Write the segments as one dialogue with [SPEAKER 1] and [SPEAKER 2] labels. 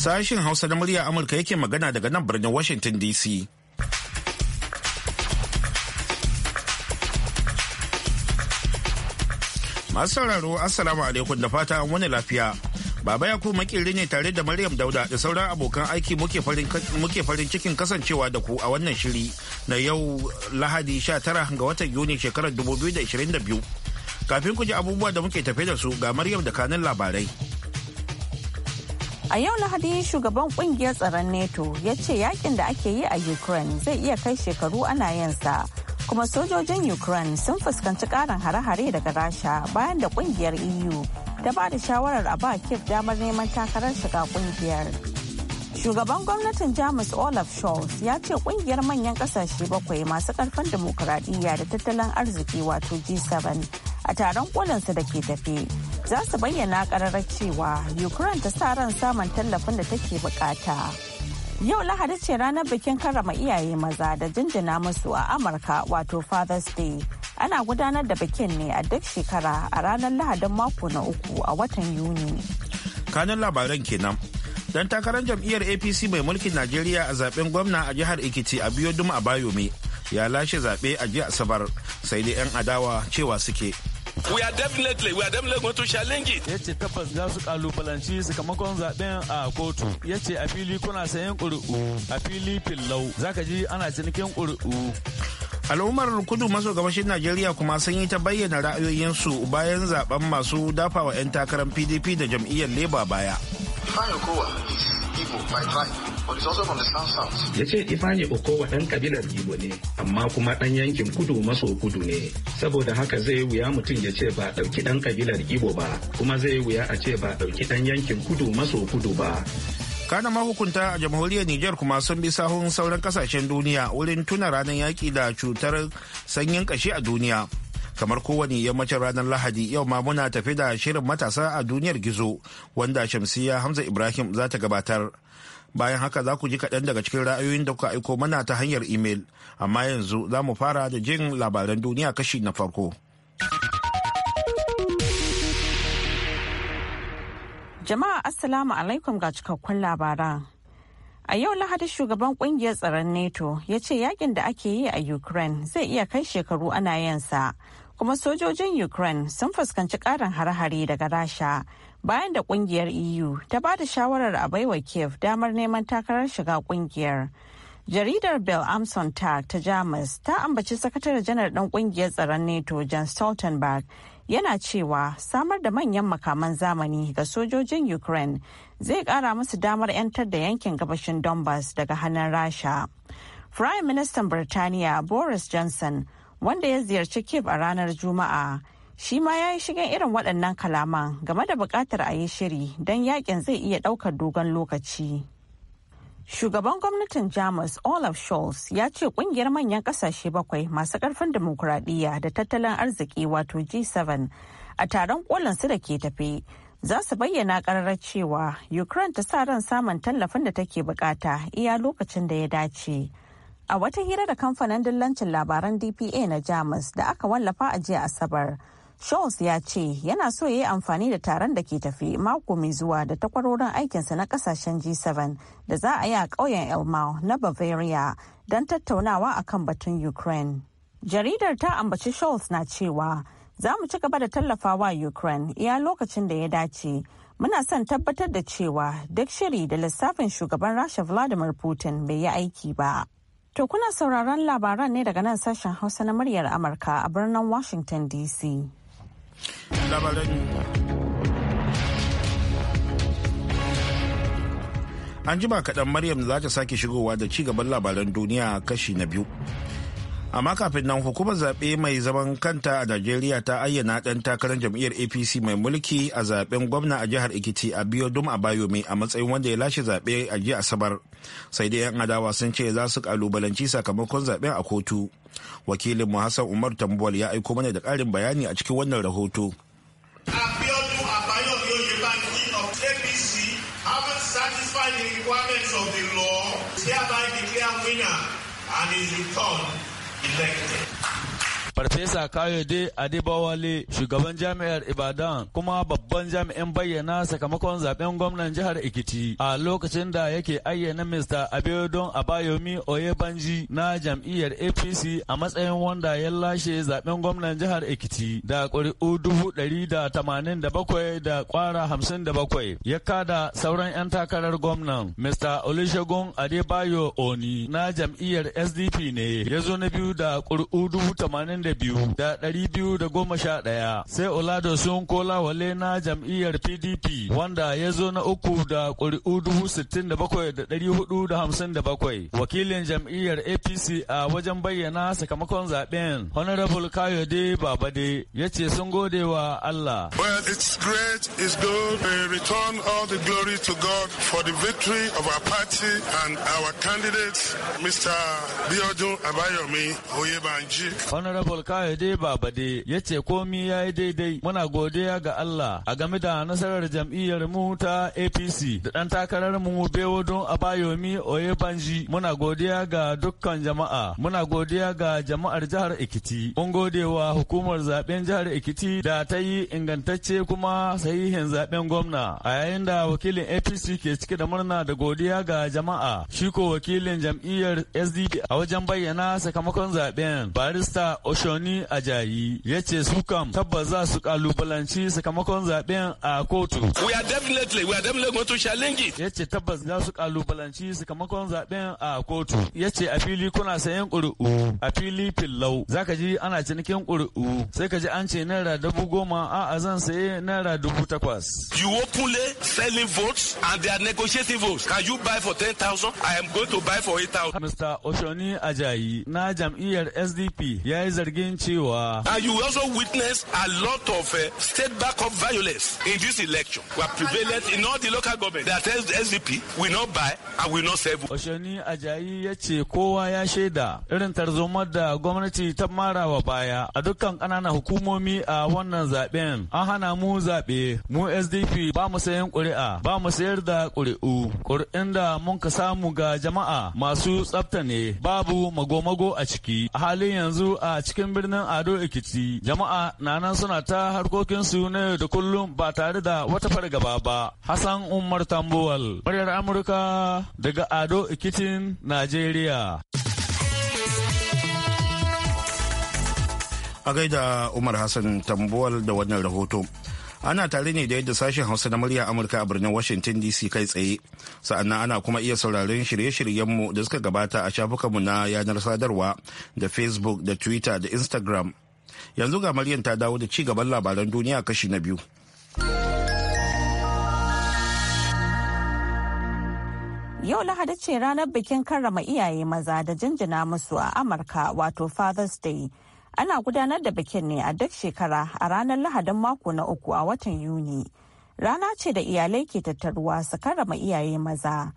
[SPEAKER 1] sashen Hausa na murya Amurka yake magana daga nan birnin Washington DC. Masu sauraro Assalamu alaikum da fata an wani lafiya. Baba ya kuma ne tare da Maryam Dauda da sauran abokan aiki muke farin cikin kasancewa da ku a wannan shiri na yau Lahadi 19 ga watan Yuni shekarar 2022. Kafin ku ji abubuwa da muke tafe da su ga Maryam da kanin labarai.
[SPEAKER 2] A yau Lahadi shugaban kungiyar tsaron NATO ya ce yakin da ake yi a Ukraine zai iya kai shekaru ana yansa. Kuma sojojin Ukraine sun fuskanci karin hare-hare daga Rasha bayan da kungiyar EU ta ba da shawarar a ba Kiev damar neman takarar shiga kungiyar. Shugaban gwamnatin Jamus Olaf Scholz ya ce kungiyar manyan kasashe bakwai masu karfin dimokuraɗiyya da tattalin arziki wato G7 a taron kolinsa da ke tafe. za su bayyana kararrar cewa Ukraine ta sa ran samun tallafin da take bukata. Yau Lahadi ce ranar bikin karrama iyaye maza da jinjina musu a Amurka wato Father's Day. Ana gudanar da bikin ne a duk shekara a ranar Lahadin mako na uku a watan Yuni.
[SPEAKER 1] Kanin labaran kenan. Dan takarar jam'iyyar APC mai mulkin Najeriya a zaben gwamna a jihar ikiti a biyo a bayomi ya lashe zaɓe a jiya Asabar sai dai 'yan adawa cewa suke.
[SPEAKER 3] We are definitely, we are definitely going to challenge it. Ya ce tabbas za su kalubalanci sakamakon zaɓen a kotu. Ya a
[SPEAKER 1] fili kuna sayan ƙuri'u, a fili fillau. Zaka ji ana cinikin ƙuri'u. al'ummar kudu maso gabashin najeriya kuma sun yi ta bayyana ra'ayoyinsu bayan zaben masu dafawa 'yan takarar pdp da jam'iyyar labour baya. kowa Fine, Ya ce Ifani Okowa ɗan kabilar Igbo ne, amma kuma
[SPEAKER 4] ɗan yankin kudu maso kudu ne. Saboda haka zai wuya mutum ya ce ba ɗauki ɗan kabilar Igbo ba, kuma zai wuya a ce ba ɗauki ɗan yankin kudu maso kudu ba.
[SPEAKER 1] kana mahukunta a jamhuriyar Nijar kuma sun bi sahun sauran kasashen duniya wurin tuna ranar yaƙi da cutar sanyin ƙashi a duniya kamar kowane yammacin ranar lahadi yau ma muna tafi da shirin matasa a duniyar gizo wanda shamsiya hamza ibrahim za ta gabatar bayan haka za ku ji kaɗan daga cikin ra'ayoyin da kuka aiko mana ta hanyar imel amma yanzu za mu fara da jin labaran duniya kashi na farko
[SPEAKER 2] jama'a assalamu alaikum ga cikakkun labaran a yau lahadi shugaban kungiyar tsaron nato ya ce yakin da ake yi a ukraine zai iya kai shekaru ana yansa kuma sojojin ukraine sun fuskanci karin har hare daga rasha bayan da kungiyar eu ta ba da shawarar a baiwa kiev damar neman takarar shiga kungiyar jaridar bell amson ta ta jamus ta ambaci sakatare janar ɗan kungiyar tsaron nato john stoltenberg yana cewa samar da manyan makaman zamani ga sojojin ukraine zai kara musu damar 'yantar da yankin gabashin donbass daga hannun rasha prime Minister birtaniya boris johnson wanda ya ziyarci kiev a ranar juma'a shi ma ya yi shigen irin waɗannan kalaman game da buƙatar a yi shiri don yakin zai iya ɗaukar dogon lokaci. Shugaban gwamnatin Jamus Olaf Scholz ya ce ƙungiyar manyan ƙasashe bakwai masu ƙarfin dimokuraɗiyya da tattalin arziki wato G7 a taron su da ke tafe za su bayyana ƙararra cewa Ukraine ta sa ran samun tallafin da take bukata iya lokacin da ya dace. A wata hira da kamfanin dillancin labaran DPA na Jamus da aka wallafa a jiya Asabar. Scholz ya ce yana so ya yi amfani da taron da ke tafi mako mai zuwa da takwarorin aikinsa na kasashen G7 da za a yi a ƙauyen Elmau na Bavaria don tattaunawa a kan batun Ukraine. Jaridar ta ambaci Scholz na cewa za mu ci gaba da tallafawa Ukraine iya lokacin da ya dace. Muna son tabbatar da cewa duk shiri da lissafin shugaban Rasha Vladimir Putin bai yi aiki ba. To kuna sauraron labaran ne daga nan sashen Hausa na muryar Amurka a birnin Washington DC.
[SPEAKER 1] an jima kaɗan maryam za ta sake shigowa da ci gaban labaran duniya kashi na biyu amma kafin nan hukumar zaɓe mai zaman kanta a najeriya ta ayyana ɗan takarar jam'iyyar apc mai mulki a zaɓen gwamna a jihar ikiti a biyo dum a bayomi a matsayin wanda ya lashe zaɓe a jiya asabar sai dai yan adawa sun ce za su kalubalanci sakamakon zaɓen a kotu wakilin mu hassan umar tambuwal ya aiko mana da ƙarin bayani a cikin wannan rahoto and is returned Thank you.
[SPEAKER 3] Farfesa Kayode Adebawale shugaban jami'ar Ibadan kuma babban jami'in bayyana sakamakon zaben gwamnan jihar Ekiti a lokacin da yake ayyana Mr. Abiodun Abayomi Oyebanji na jam'iyyar APC a matsayin wanda ya lashe zaben gwamnan jihar Ekiti da ƙuri'u dubu ɗari da tamanin da bakwai da ƙwara hamsin da bakwai ya kada sauran 'yan takarar gwamnan Mr. Olusegun Adebayo Oni na jam'iyyar SDP ne ya zo na biyu da ƙuri'u dubu tamanin da da biyu da ɗari biyu da ɗaya sai Oladosun Kolawale na jam'iyyar PDP wanda ya zo na uku da ƙuri'u dubu Wakilin jam'iyyar APC a wajen bayyana sakamakon zaɓen Honorable Kayode Babade ya ce sun gode wa Allah.
[SPEAKER 1] Well, it's great, it's good. We return all the glory to God for the victory of our party and our candidate, Mr. Biodun Abayomi Oyebanji.
[SPEAKER 3] Honorable Abulkaide Babade ya ce komi ya yi daidai muna godiya ga Allah a game da nasarar jam'iyyar mu ta APC da ɗan takarar mu Bewodun Abayomi Oyebanji muna godiya ga dukkan jama'a muna godiya ga jama'ar jihar Ekiti mun gode wa hukumar zaben jihar Ekiti da ta yi ingantacce kuma sahihin zaben gwamna a yayin da wakilin APC ke cike da murna da godiya ga jama'a shi ko wakilin jam'iyyar SDP a wajen bayyana sakamakon zaben barista Shoni Ajayi ya ce su kam tabbas za su kalubalanci sakamakon zaben a kotu. We are definitely we are definitely going to challenge it. Ya ce tabbas za su kalubalanci sakamakon zaben a kotu. Ya ce a fili kuna sayan ƙuri'u a fili fillau. Za ka ji ana cinikin ƙuri'u sai ka ji an ce naira dubu goma a a zan saye naira dubu takwas. You openly selling votes and they are negotiating votes. Can you buy for ten thousand? I am going to buy for eight thousand. Mr. Oshoni Ajayi na jam'iyyar SDP ya yi zargi zargin cewa. And you also witness a lot of uh, state back of violence in this election. We are prevalent in all the local government that SDP we no buy and we no serve. Oshoni Ajayi ya ce kowa ya shaida irin tarzoma da gwamnati ta mara wa baya a dukkan ƙananan hukumomi a wannan zaɓen An hana mu zaɓe, mu SDP ba mu sayan ƙuri'a, ba mu sayar da ƙuri'u. Ƙuri'un da mun ka samu ga jama'a masu tsafta ne, babu magomago a ciki. A halin yanzu a cikin cikin birnin Ado Ekiti. Jama'a na nan suna ta harkokin su na yau da kullum ba tare da wata fargaba ba. Hassan Umar Tambuwal, muryar Amurka
[SPEAKER 1] daga Ado Ekitin, Najeriya. A gaida Umar Hassan Tambuwal da wannan rahoto. ana tare ne da yadda sashen hausa na murya amurka a birnin washington dc kai tsaye sa'annan ana kuma iya sauraron shirye-shiryenmu da suka gabata a shafukanmu na yanar sadarwa da facebook da twitter da instagram yanzu ga maryam ta dawo da ci gaban labaran duniya kashi na biyu
[SPEAKER 2] Yau Lahadi ce ranar bikin karrama iyaye maza da jinjina musu a Amurka wato Father's Day ana gudanar da bikin ne a duk shekara a ranar lahadin mako na uku a watan yuni rana ce da iyalai ke tattaruwa su karrama iyaye maza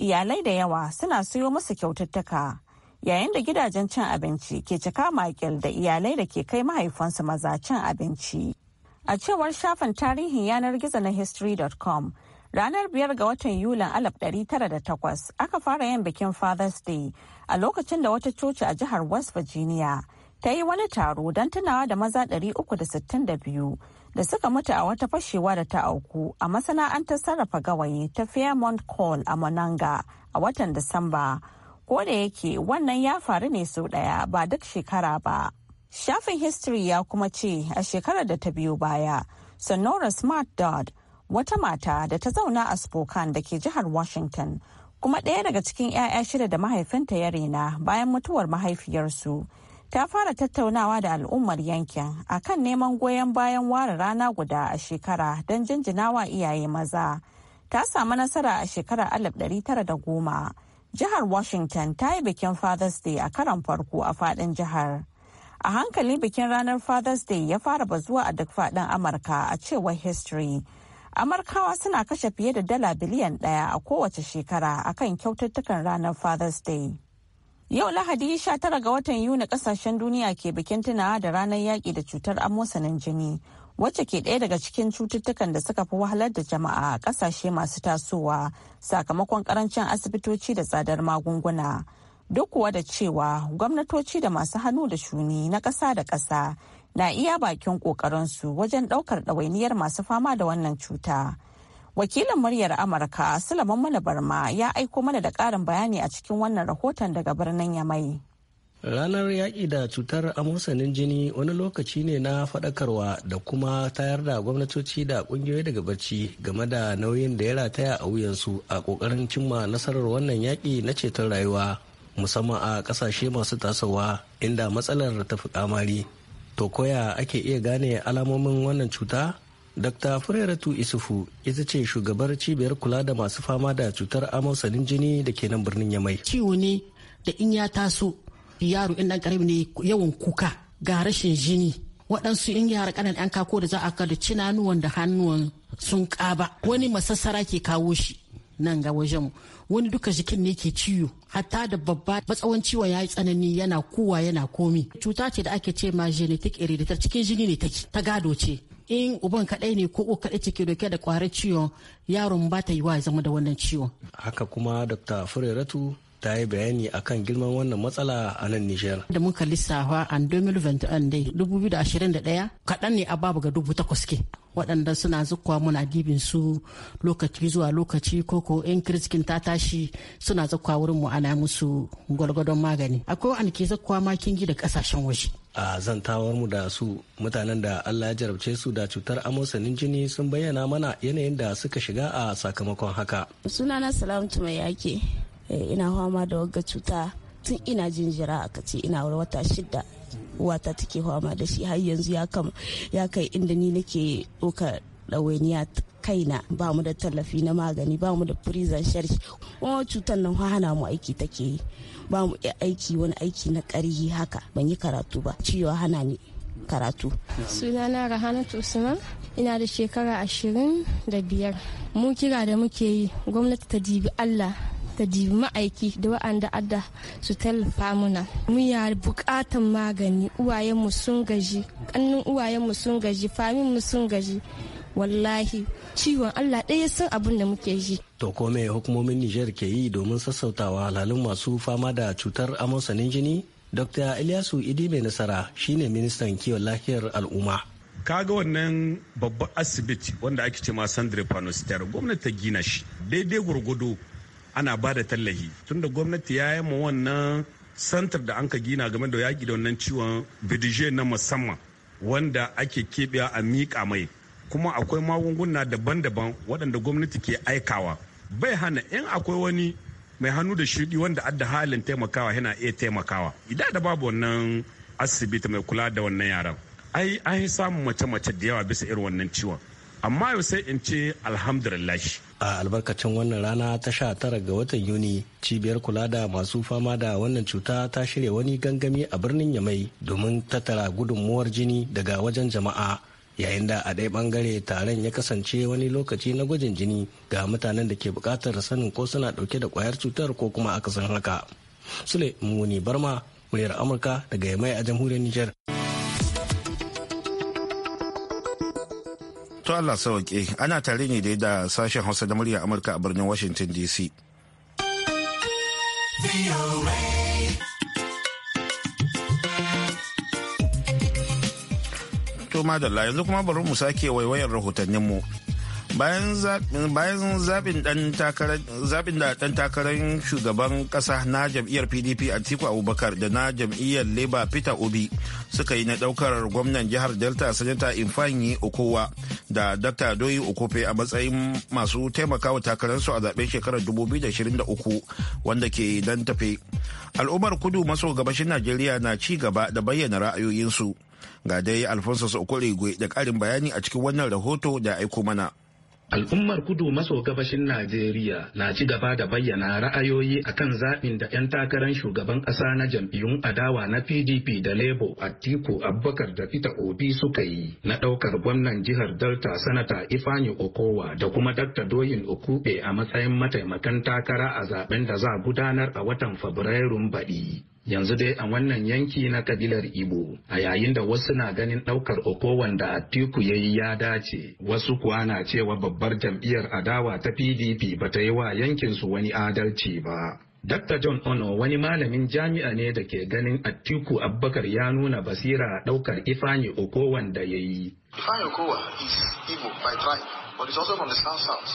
[SPEAKER 2] iyalai da yawa suna siyo musu kyaututtuka yayin da gidajen cin abinci ke cika makil da iyalai da ke kai mahaifansu maza cin abinci a cewar shafin tarihin yanar gizo na history.com ranar biyar ga watan yulin 1908 aka fara yin bikin fathers day a lokacin da wata coci a jihar west virginia ta yi wani taro don tunawa da maza 362 da suka mutu a wata fashewa da ta auku a masana'antar sarrafa gawayi ta fairmont call a monanga a watan disamba ko da yake wannan ya faru ne sau daya ba duk shekara ba shafin history ya kuma ce a shekarar da ta biyo baya sonora smart dodd wata mata da ta zauna a spokane da ke jihar washington kuma ɗaya daga cikin 'ya'ya shida da mahaifinta ya rena bayan mutuwar mahaifiyarsu ta fara tattaunawa da al'ummar yankin akan neman goyon bayan ware rana guda a shekara don jinjinawa iyaye maza ta samu nasara a shekarar 1910 jihar washington ta yi bikin fathers day a karan farko a fadin jihar a hankali bikin ranar fathers day ya fara bazuwa a duk fadin amurka a cewar history amurkawa suna kashe fiye da dala biliyan daya a kowace shekara akan kyaututtukan ranar fathers day Yau Lahadi 19 ga watan Yuni kasashen duniya ke bikin tunawa da ranar yaƙi da cutar amosanin jini, wacce ke ɗaya daga cikin cututtukan da suka fi wahalar da jama'a a ƙasashe masu tasowa sakamakon ƙarancin asibitoci da tsadar magunguna. Duk kuwa da cewa gwamnatoci da masu hannu da shuni na ƙasa da ƙasa na iya bakin ƙoƙarinsu wajen ɗaukar ɗawainiyar masu fama da wannan cuta. Wakilin muryar Amurka Sulaiman malabarma Barma ya aiko mana da karin bayani a cikin wannan rahoton daga birnin Yamai.
[SPEAKER 5] Ranar yaƙi da cutar amosanin jini wani lokaci ne na faɗakarwa da kuma tayar da gwamnatoci da ƙungiyoyi daga barci game da nauyin da ya rataya a wuyansu a ƙoƙarin cimma nasarar wannan yaƙi na ceton rayuwa musamman a ƙasashe masu tasowa inda matsalar ta fi kamari. To koya ake iya gane alamomin wannan cuta? Dr. Furairatu Isufu ita ce shugabar cibiyar kula da masu fama da cutar amosanin jini
[SPEAKER 6] da ke nan birnin Yamai. Ciwo ne da in ya taso yaro in dan karami ne yawan kuka ga rashin jini waɗansu in yara ƙanan ɗan kako da za a da cinanuwan da hannuwan sun ƙaba wani masassara ke kawo shi nan ga wajen wani duka jikin ne ke ciwo hatta da babba matsawan ciwon ya yi tsanani yana kowa yana komi cuta ce da ake ce ma genetic hereditary cikin jini ne ta gado ce in uban kaɗai ne ko kaɗai take dauke da ƙwarar ciwon yaron ba ta yi wa zama da wannan ciwon.
[SPEAKER 5] haka kuma dr fureratu ta yi bayani akan girman wannan matsala a nan Nijar.
[SPEAKER 6] Da muka lissafa an 2021 2021 kaɗan ne a babu ga dubu takwas ke. waɗanda suna zukwa muna dibin su lokaci zuwa lokaci ko in kiriskin ta tashi suna zukwa wurin mu ana musu gwalgwadon magani akwai waɗanda ke zukwa ma kingi da kasashen waje
[SPEAKER 5] a zantawar mu da su mutanen da allah ya jarabce su da cutar amosanin jini sun bayyana mana yanayin da suka shiga a sakamakon haka
[SPEAKER 2] sunana salamtu mai yake eh, ina fama da wagga cuta tun ina jinjira aka ce ina wata shida wata take fama da shi har yanzu ya kai inda ni nake doka ɗawainiya kaina ba mu da tallafi na magani ba mu da prison sharci kuma cutar nan hana mu aiki take yi ba mu aiki wani aiki na ƙarhi haka ban yi karatu ba cewa hana ni karatu. Sunana rahana Usman, ina da shekara ashirin da biyar. Mu kira da muke yi gwamnati ta dibi Allah ta dibi ma'aiki da wa'anda adda su tallafa muna. Mu ya bukatan magani uwayenmu sun gaji, kannun uwayenmu sun gaji, famin mu sun gaji. wallahi ciwon Allah ɗaya san abin da muke yi.
[SPEAKER 5] To ko hukumomin Nijar ke yi domin sassautawa alhalin masu fama da cutar amon sanin jini? Dr. Ilyasu Idi mai nasara shine ministan kiwon lafiyar al'umma. kaga wannan babban asibiti
[SPEAKER 4] wanda ake ce ma sandre panostero gwamnati ta gina shi daidai gwargwado ana ba da tallahi tunda gwamnati ya yi ma wannan santar da an ka gina game da yaƙi da wannan ciwon bidije na musamman wanda ake keɓewa a miƙa mai kuma akwai magunguna daban-daban waɗanda gwamnati ke aikawa bai hana in akwai wani mai hannu da shuɗi wanda adda halin taimakawa yana iya taimakawa idan da babu wannan asibiti mai kula da wannan yaran ai an yi samun mace-mace da yawa bisa irin wannan ciwon
[SPEAKER 7] amma yau sai in ce alhamdulillah
[SPEAKER 5] a albarkacin wannan rana ta sha tara ga watan yuni cibiyar kula da masu fama da wannan cuta ta shirya wani gangami a birnin yamai domin tattara gudunmuwar jini daga wajen jama'a yayin da a ɗaya ɓangare taron ya kasance wani lokaci na gwajin jini ga mutanen da ke buƙatar sanin ko suna ɗauke da ƙwayar cutar ko kuma akasin haka. Sule Muni Barma, muryar Amurka daga Yamai a jamhuriyar Nijar.
[SPEAKER 1] To Allah sauke ana tare ne dai da sashen Hausa da muryar Amurka a birnin Washington DC. to madalla yanzu kuma bari mu sake waiwayar rahotanninmu. Bayan zaɓin da ɗan takarar shugaban ƙasa na jam'iyyar PDP tiku Abubakar da na jam'iyyar Labour Peter Obi suka yi na ɗaukar gwamnan jihar Delta Sanata Infanyi Okowa da Dr. Doyi Okofe a matsayin masu taimakawa takararsu a zaɓen shekarar 2023 wanda ke dan tafe. Al'ummar kudu maso gabashin Najeriya na ci gaba da bayyana ra'ayoyinsu. Ga dai Alphonsus Okorigwe da ƙarin bayani a cikin wannan rahoto da aiko mana. Al'ummar
[SPEAKER 4] kudu maso gabashin Najeriya na ci gaba da bayyana ra'ayoyi a kan zaɓin da 'yan takarar shugaban ƙasa na jam'iyyun adawa na PDP da Labour Atiku Abubakar da fita Obi suka yi na ɗaukar gwamnan jihar Delta Sanata Ifani Okowa da kuma dakta Doyin okube a matsayin mataimakan takara a zaben da za gudanar a watan Fabrairun baɗi. yanzu dai a wannan yanki na kabilar Igbo a yayin da wasu na ganin ɗaukar Oko wanda Atiku ya yi ya dace wasu kuwa na cewa babbar jam'iyyar adawa ta PDP ba ta yi wa yankinsu wani adalci ba. Dr. John Ono wani malamin jami'a ne da ke ganin Atiku Abubakar ya nuna basira ɗaukar Ifani Oko wanda ya yi. Okowa is Igbo by tribe.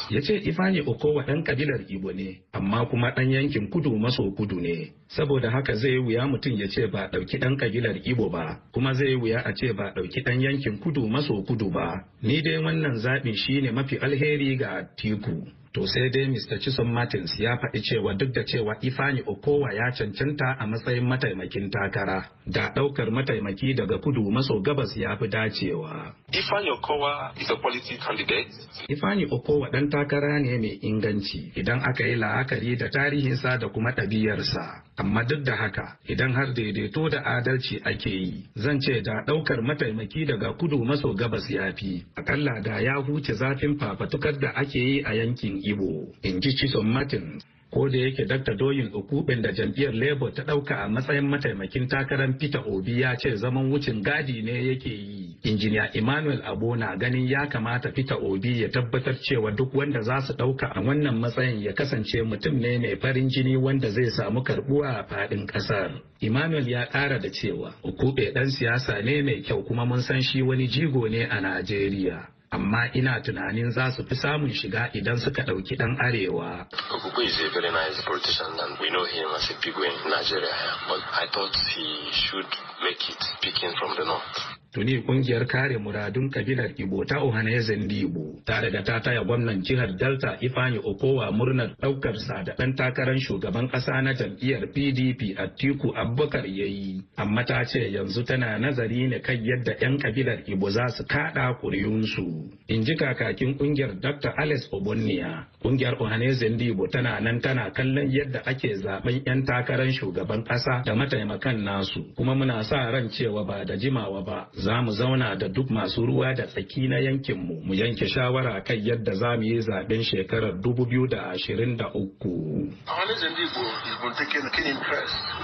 [SPEAKER 4] Ya ce Ifani Okowa ɗan kabilar Ibo ne, amma kuma ɗan yankin kudu maso kudu ne. Saboda haka zai wuya mutum ya ce ba ɗauki ɗan kabilar Ibo ba, kuma zai wuya a ce ba ɗauki ɗan yankin kudu maso kudu ba. Ni dai wannan zaɓin shi ne mafi alheri ga Tiku. To sai dai Mr. Chisom Martins ya faɗi cewa duk da cewa Ifani Okowa ya cancanta a matsayin mataimakin takara, da ɗaukar mataimaki daga kudu maso gabas ya fi dacewa. Ifani Okowa is a quality candidate. Ifani Okowa ɗan takara ne mai inganci idan aka yi la'akari da tarihinsa da kuma ɗabiyarsa. amma duk da haka idan har daidaito da adalci ake yi zan ce da ɗaukar mataimaki daga kudu maso gabas ya fi akalla da ya huce zafin fafatukar da ake yi a yankin ibo in ji chison martin ko da yake dr doyin ukuɓin da jam'iyyar labour ta ɗauka a matsayin mataimakin takarar peter obi ya ce zaman wucin gadi ne yake yi injiniya emmanuel abo na ganin ya kamata fita obi ya tabbatar cewa duk wanda za su ɗauka a wannan matsayin ya kasance mutum ne mai farin jini wanda zai samu karbuwa a faɗin ƙasar emmanuel ya ƙara da cewa ukube ɗan siyasa ne mai kyau kuma mun san shi wani jigo ne a najeriya amma ina tunanin za su fi samun shiga idan suka ɗauki ɗan arewa. Okuku is a very nice politician and we know him as a big I thought he should make it picking from the north. tuni kungiyar kare muradun kabilar Ibo ta Ohanezen Dibo ta daga ta taya gwamnan jihar Delta Ifani Okowa murnar daukar sa da dan takarar shugaban kasa na jam'iyyar PDP a Atiku Abubakar yayi amma ta ce yanzu tana nazari ne kan yadda yan kabilar Ibo za su kada kuriyunsu in ji kakakin kungiyar Dr. Alex Obonnia kungiyar Ohanezen Dibo tana nan tana kallon yadda ake zaben yan takarar shugaban kasa da mataimakan nasu kuma muna sa ran cewa ba da jimawa ba za mu zauna da duk masu ruwa da tsaki na yankinmu mu yanke shawara kan yadda za mu yi zaben shekarar 2023.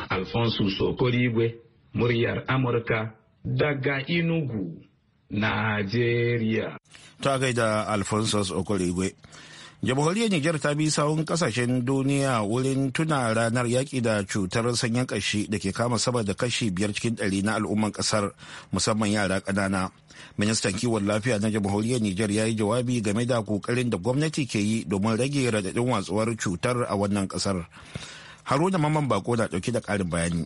[SPEAKER 4] Alfonso Sokorigwe, muryar Amurka
[SPEAKER 1] daga Inugu, Najeriya. Ta gaida Alfonso Sokorigwe. jamhuriyar niger ta bi sawun kasashen duniya wurin tuna ranar yaƙi da cutar sanyin ƙashi da ke kama sama da kashi biyar cikin ɗari na al'umman ƙasar musamman yara ƙanana ministan kiwon lafiya na jamhuriyar niger ya yi jawabi game da ƙoƙarin da gwamnati ke yi domin rage radadin watsuwar cutar a wannan ƙasar haruna mamman bako na ɗauke da ƙarin bayani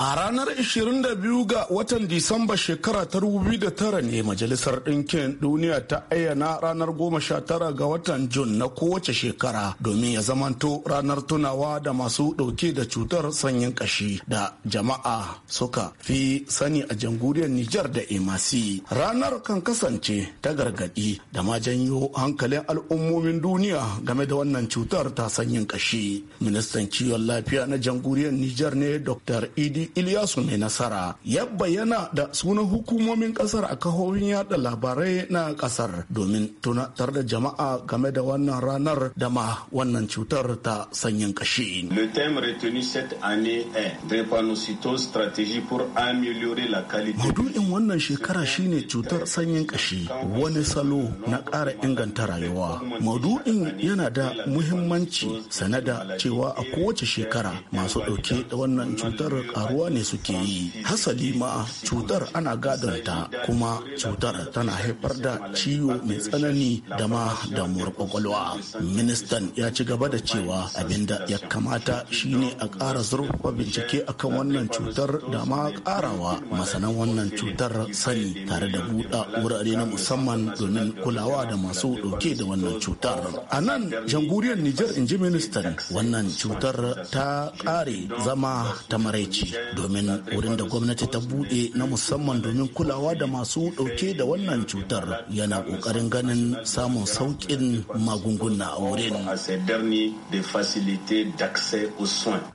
[SPEAKER 8] A ranar 22 ga watan Disamba shekara ta 2009 ne Majalisar Ɗinkin Duniya ta ayyana ranar 19 ga watan Jun na kowace shekara domin ya zamanto ranar tunawa da masu ɗauke da cutar sanyin ƙashi da jama'a suka fi sani a jamhuriyar Nijar da Emasi. Ranar kan kasance ta gargaɗi da ma janyo hankalin al'ummomin duniya game da wannan cutar ta sanyin ƙashi. Ministan kiwon lafiya na jamhuriyar Nijar ne Dr. Idi Ilyasu mai nasara ya bayyana da sunan hukumomin kasar a kahohin yada labarai na kasar domin tunatar da jama'a game da wannan ranar da ma wannan cutar ta sanyin kashi. Le thème retenu cette année est drépanocytose stratégie pour améliorer la qualité. Maudu'in wannan shekara shine cutar sanyin kashi wani salo na ƙara inganta rayuwa. Maudu'in yana da muhimmanci sanada cewa a kowace shekara masu ɗauke da wannan cutar ƙaruwa rayuwa ne suke yi hasali ma cutar ana gadon ta kuma cutar tana haifar da ciwo mai tsanani da ma damuwar kwakwalwa ministan ya ci gaba da cewa abinda ya kamata shine a ƙara zurfafa bincike akan wannan cutar da ma ƙarawa masanan wannan cutar sani tare da buɗa wurare na musamman domin kulawa da masu ɗauke da wannan cutar a nan jamhuriyar nijar in ji ministan wannan cutar ta ƙare zama ta maraici domin wurin da gwamnati ta buɗe na musamman domin kulawa da masu ɗauke da wannan cutar yana ƙoƙarin ganin samun sauƙin magunguna a wurin.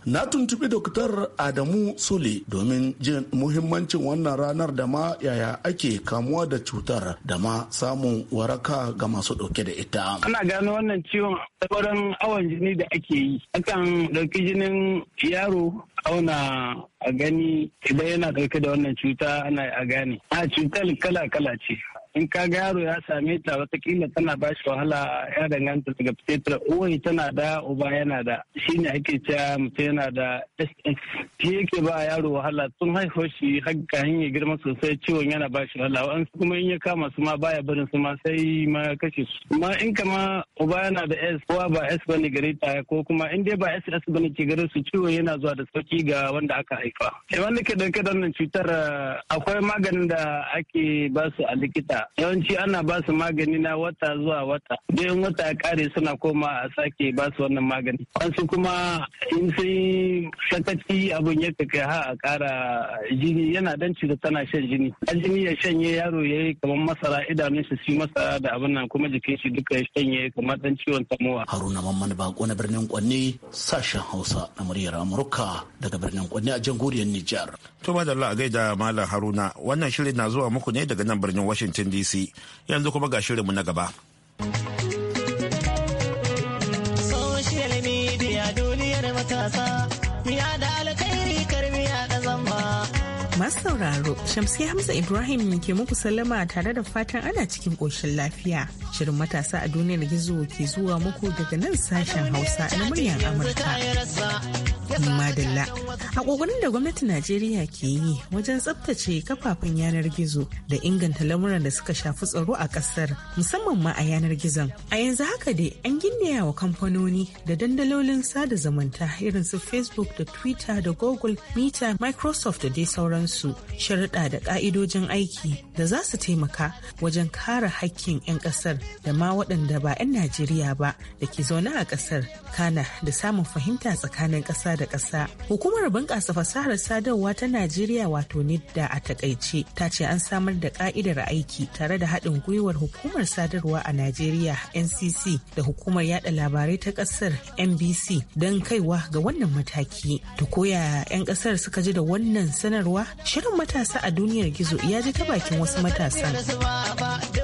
[SPEAKER 8] Na tuntuɓi Doktar Adamu Sule domin jin muhimmancin wannan ranar da ma yaya ake kamuwa da cutar da ma samun waraka ga masu ɗauke da ita. Ana
[SPEAKER 3] gano wannan ciwon awan awon jini da ake yi. Akan ɗauki jinin yaro auna a gani idan yana ɗauke da wannan cuta ana a gane a cutar kala kala ce in ka ga yaro ya same ta watakila tana ba shi wahala ya danganta daga fitetar uwai tana da uba yana da shi ne ake cewa mutum yana da ss shi yake ba yaro wahala tun haihuwar shi haka hanyar girma sosai ciwon yana ba shi wahala wa'ansu kuma in ya kama su ma baya barin su ma sai ma kashe su Ma in kama uba yana da s kowa ba s bane gare ta ko kuma in dai ba ss bane ke gare su ciwon yana zuwa da sauki ga wanda aka haifa. Eh, wanda ke dauke da wannan cutar akwai maganin da ake ba su a likita yawanci ana ba su magani na wata zuwa wata bayan wata ya kare suna koma a sake ba su wannan magani wasu kuma in sai sakaci abin ya kai ha a kara jini yana dan cuta tana shan jini a jini ya shanye yaro ya yi kamar masara idanun shi su masara da abin nan kuma
[SPEAKER 8] jikin shi duka ya shanye kamar dan ciwon tamowa haruna mamman bako na birnin kwanne sashen
[SPEAKER 1] hausa na muryar amurka daga birnin kwanne a jamhuriyar nijar to madalla a gaida malam haruna wannan shirin na zuwa muku ne daga nan birnin washington DC. Yanzu kuma ga shirinmu na gaba.
[SPEAKER 6] Masu sauraro, Shamsi Hamza Ibrahim ke muku sallama tare da fatan ana cikin ƙoshin lafiya. Shirin matasa a duniyar gizo ke zuwa muku daga nan sashen Hausa na muryar Amurka. madalla a kokarin da gwamnatin najeriya ke yi wajen tsabtace kafafen yanar gizo da inganta lamuran da suka shafi tsaro a kasar musamman ma a yanar gizon a yanzu haka dai an gindaya wa kamfanoni da dandalolin sada zamanta irin su facebook da twitter da google meter microsoft da dai sauransu sharuɗa da ƙa'idojin aiki da za su taimaka wajen kare hakkin 'yan kasar da ma waɗanda ba 'yan Najeriya ba da ke zaune a kasar kana da samun fahimta tsakanin ƙasa da ƙasa. Hukumar bunƙasa fasahar sadarwa ta Najeriya wato NIDDA a takaice ta ce an samar da ƙa'idar aiki tare da haɗin gwiwar hukumar sadarwa a Najeriya NCC da hukumar yada labarai ta ƙasar NBC don kaiwa ga wannan mataki. Ta koya 'yan ƙasar suka ji da wannan sanarwa shirin matasa a duniyar gizo ya ji ta bakin wasu matasan.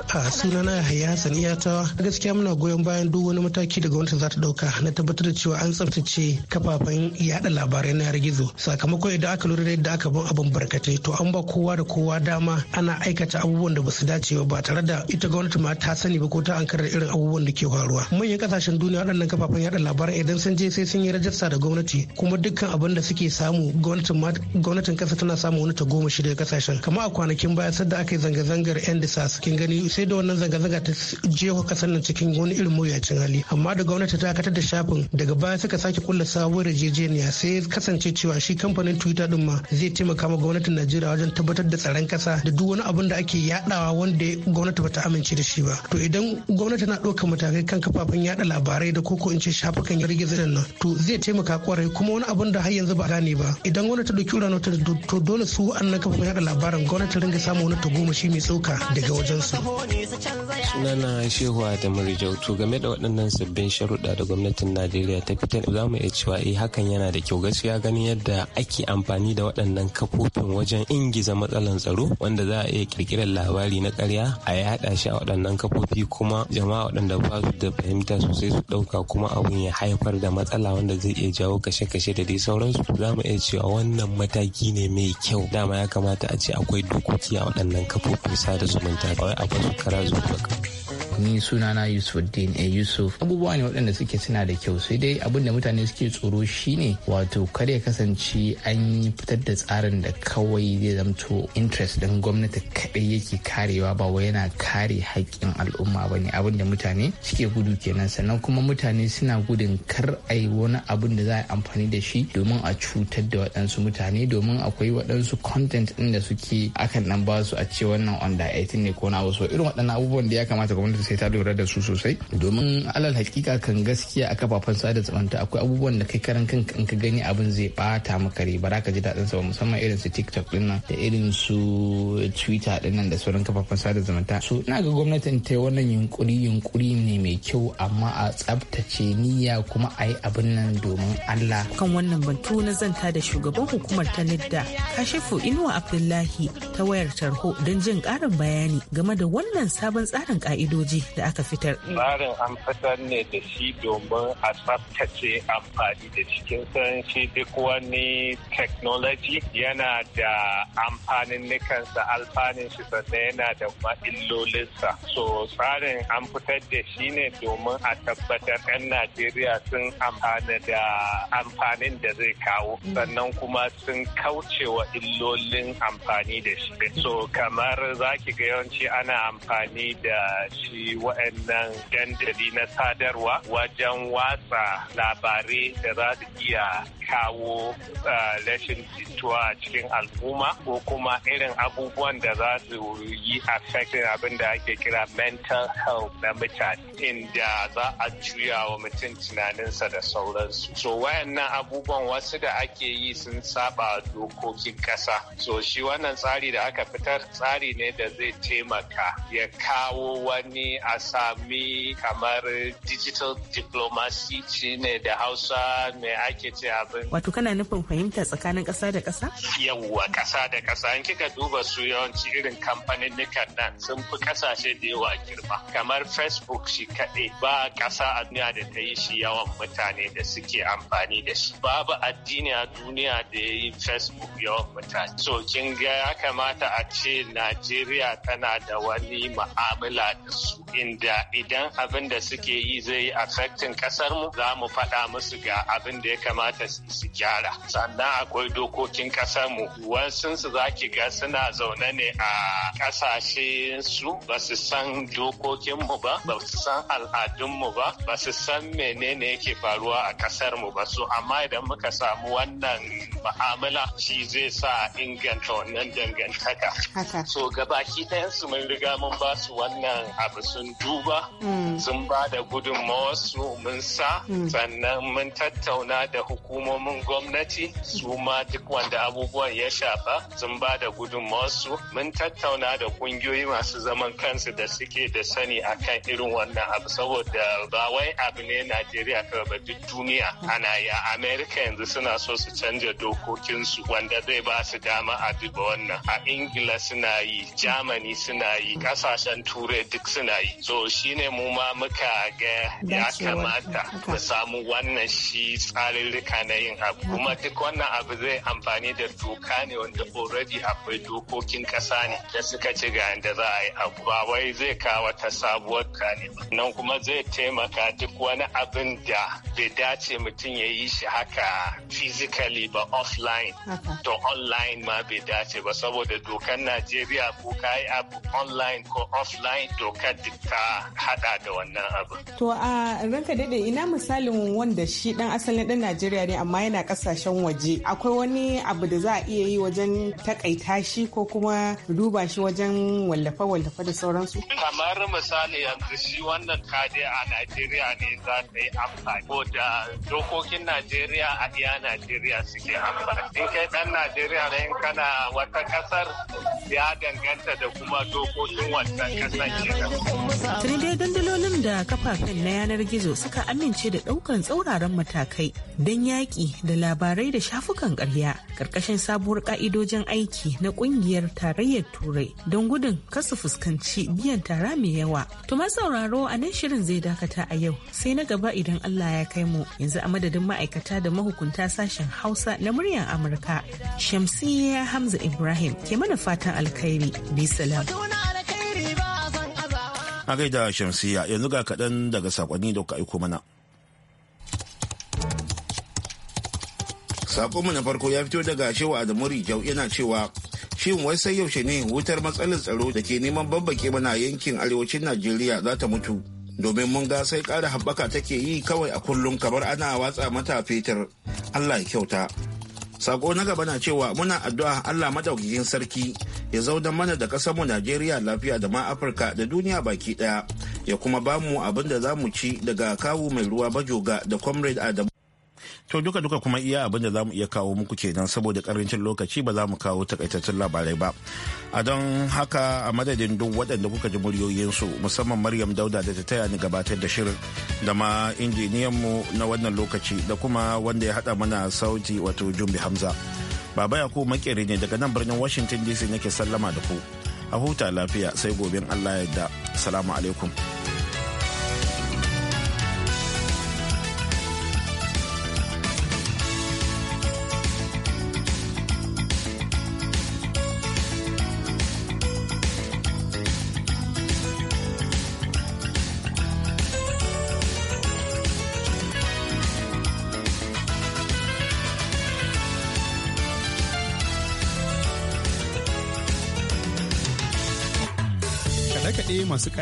[SPEAKER 9] a sunana ya hassan iyatawa gaskiya muna goyon bayan duk wani mataki da gwamnati za ta dauka na tabbatar da cewa an tsaftace kafafen yada labarai na yanar gizo sakamakon idan aka lura da yadda aka bin abin barkatai to an ba kowa da kowa dama ana aikata abubuwan da basu dace ba tare da ita gwamnati ma ta sani ba ko ta ankara irin abubuwan da ke faruwa manyan kasashen duniya waɗannan kafafen yada labarai idan sun je sai sun yi rajista da gwamnati kuma dukkan abin da suke samu gwamnatin kasa tana samu wani tagomashi daga kasashen kamar a kwanakin baya sadda aka yi zanga-zangar 'yan disa kin gani sai da wannan zanga-zanga ta jeho kasar nan cikin wani irin mawuyacin hali amma da gwamnati ta dakatar da shafin daga baya suka sake kulla sabuwar yarjejeniya sai kasance cewa shi kamfanin twitter din ma zai taimaka ma gwamnatin najeriya wajen tabbatar da tsaron kasa da duk wani abin da ake yadawa wanda gwamnati bata amince da shi ba to idan gwamnati na ɗaukar matakai kan kafafen yada labarai da koko in ce shafukan girgiza din nan to zai taimaka kwarai kuma wani abin da har yanzu ba gane ba idan gwamnati ta ɗauki urano to dole su wa'annan kafafen yada labaran gwamnati ringa samu wani shi mai tsoka daga wajen su.
[SPEAKER 4] sunana shehu adamu rijau game da waɗannan sabbin sharuɗa da gwamnatin najeriya ta fitar za mu iya cewa eh hakan yana da kyau gaskiya ganin yadda ake amfani da waɗannan kafofin wajen ingiza matsalan tsaro wanda za a iya kirkirar labari na ƙarya a yaɗa shi a waɗannan kafofi kuma jama'a waɗanda ba su da fahimta sosai su ɗauka kuma abun ya haifar da matsala wanda zai iya jawo kashe-kashe da dai sauransu za mu iya cewa wannan mataki ne mai kyau dama ya kamata a ce akwai dokoki a waɗannan kafofin sada zumunta kawai a wasu kara zuwa
[SPEAKER 10] ni sunana yusufuddin a eh, yusuf abubuwa ne waɗanda suke suna da kyau sai dai abin da mutane suke tsoro shine wato kar ya kasance an fitar da tsarin da kawai zai zamto interest din gwamnati kaɗai yake karewa ba wai yana kare haƙƙin al'umma ba ne abin da mutane suke gudu kenan sannan kuma mutane suna gudun kar a yi wani abin da za a amfani da shi domin a cutar da waɗansu mutane domin akwai waɗansu content ɗin da suke akan nan ba su a ce wannan under 18 ne ko na wasu irin waɗannan abubuwan da ya kamata gwamnati sai ta lura da su sosai domin alal hakika kan gaskiya a kafafen sada zumunta akwai abubuwan da kai karan kanka in ka gani abin zai bata maka ba za ka ji daɗin sa musamman irin su tiktok din nan da irin su twitter din nan da sauran kafafen sada zumunta so ina ga gwamnatin ta wannan yunkuri yunkuri ne mai kyau amma a tsabtace niyya kuma a yi abin nan domin allah
[SPEAKER 6] kan wannan batu na zanta da shugaban hukumar ta nidda kashifu inuwa abdullahi ta wayar tarho don jin ƙarin bayani game da wannan sabon tsarin ka'idoji da aka fitar.
[SPEAKER 7] Tsarin an fitar ne da shi domin a tsaftace amfani da cikin san shi duk wani technology yana da amfanin nikansa alfanin shi sannan yana da illolinsa. So tsarin an fitar da shi ne domin a tabbatar 'yan Najeriya sun amfana da amfanin da zai kawo mm. sannan kuma sun kaucewa illolin amfani da shi. So kamar za ki ga yawanci ana amfani da shi wa'annan dandali na sadarwa wajen watsa labarai da za su iya kawo uh, rashin jituwa a cikin al'umma ko kuma irin abubuwan da za su yi affecting abin da ake kira mental health na mutane inda za a juya wa mutum tunaninsa da sauransu so wayannan abubuwan wasu da ake yi sun saba dokokin ƙasa. so shi wannan tsari da aka fitar tsari ne da zai taimaka ya kawo wani a sami kamar digital diplomacy shine da hausa mai ake ce abin.
[SPEAKER 6] Wato kana nufin fahimta tsakanin ƙasa da ƙasa?
[SPEAKER 7] Yawwa ƙasa da ƙasa in kika duba su yawanci irin kamfanin nan sun fi ƙasashe da yawa girma. Kamar Facebook shi kaɗai ba ƙasa a duniya da ta yi shi yawan mutane da suke amfani da shi. Babu addini a duniya da ya yi Facebook yawan mutane. So kin ga ya kamata a ce Najeriya tana da wani ma'amala da su. inda idan abin da suke yi zai yi affecting kasar mu za mu faɗa musu ga abin da ya kamata su gyara sannan akwai dokokin kasar mu wasu su za ki ga suna zaune ne a kasashe su ba su san dokokin mu ba ba su san al'adun mu ba ba su san menene yake faruwa a kasar mu ba so amma idan muka samu wannan mu'amala shi zai sa inganta wannan dangantaka so gabaki ɗayan su mun riga mun ba su wannan abu sun duba mm. sun ba da gudunmawarsu mun sa mm. sannan mun tattauna da hukumomin gwamnati su ma duk wanda abubuwan ya shafa sun ba da su mun tattauna da kungiyoyi masu zaman kansu da suke da sani akan irin wannan abu saboda ba wai abu ne najeriya kawai ba duk duniya ana yi a amerika yanzu suna so su canja dokokinsu wanda zai ba su dama a duba wannan a ingila suna yi germany suna yi kasashen turai duk suna yi so shine mu ma muka ga ya kamata mu samu wannan shi tsarirrika na yin abu kuma duk wannan abu zai amfani da doka ne wanda already akwai dokokin kasa ne da suka ci ga yadda za a yi abu ba wai zai kawo wata sabuwar ne nan kuma zai taimaka duk wani abin da bai dace mutum ya yi shi haka physically ba offline to online ma bai dace ba saboda dokar najeriya ko ka yi abu online ko offline dokar duk ta hada da wannan abu.
[SPEAKER 6] To a ranka daidai ina misalin wanda shi ɗan asalin ɗan Najeriya ne amma yana kasashen waje. Akwai wani abu da za a iya yi wajen takaita shi ko kuma duba shi wajen wallafe-wallafe da sauransu?
[SPEAKER 7] Kamar misali yanzu shi wannan kade a Najeriya ne za ta yi amfani. Ko da dokokin Najeriya a iya Najeriya suke amfani. In kai ɗan Najeriya ne in kana wata ƙasar ya danganta da kuma dokokin wannan ƙasar
[SPEAKER 6] Trinidad dandalolin da kafafen na yanar gizo suka amince da daukan tsauraran matakai don yaƙi da labarai da shafukan ƙarya ƙarƙashin sabuwar ƙa'idojin aiki na ƙungiyar tarayyar turai don gudun kasu fuskanci biyan tara mai yawa. Tuma sauraro a nan shirin zai dakata a yau sai na gaba idan Allah ya kai mu yanzu a madadin ma'aikata da mahukunta sashen Hausa na muryar Amurka. Shamsiyya Hamza Ibrahim ke mana fatan alkhairi. Bisalam.
[SPEAKER 1] a gaida shamsiya yanzu ga kaɗan daga sakonni da kuka aiko mana sakonmu na farko ya fito daga shewa adamu rijau yana cewa shin wai sai yaushe ne wutar matsalar tsaro da ke neman babbake mana yankin arewacin najeriya za ta mutu domin mun ga sai ƙara haɓaka take yi kawai a kullum kamar ana watsa mata fetur allah ya kyauta sako na gaba na cewa muna addu'a allah madaukakin sarki ya zaudan mana da mu najeriya lafiya da ma afirka da duniya baki daya ya kuma bamu abin da za mu ci daga kawu mai ruwa bajoga da comrade adamu To duka duka kuma iya abin da za iya kawo muku kenan saboda karancin lokaci ba za mu kawo takaitaccen labarai ba. A don haka a madadin duk waɗanda kuka ji muryoyinsu musamman Maryam Dauda da ta taya ni gabatar da shirin da ma injiniyanmu na wannan lokaci da kuma wanda ya haɗa mana sauti wato Jumbi Hamza. Baba Yakubu makere ne daga nan birnin Washington DC nake sallama da ku. A huta lafiya sai gobe Allah ya yarda. Salamu alaikum.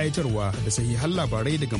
[SPEAKER 8] ƙayatarwa da sahihan labarai daga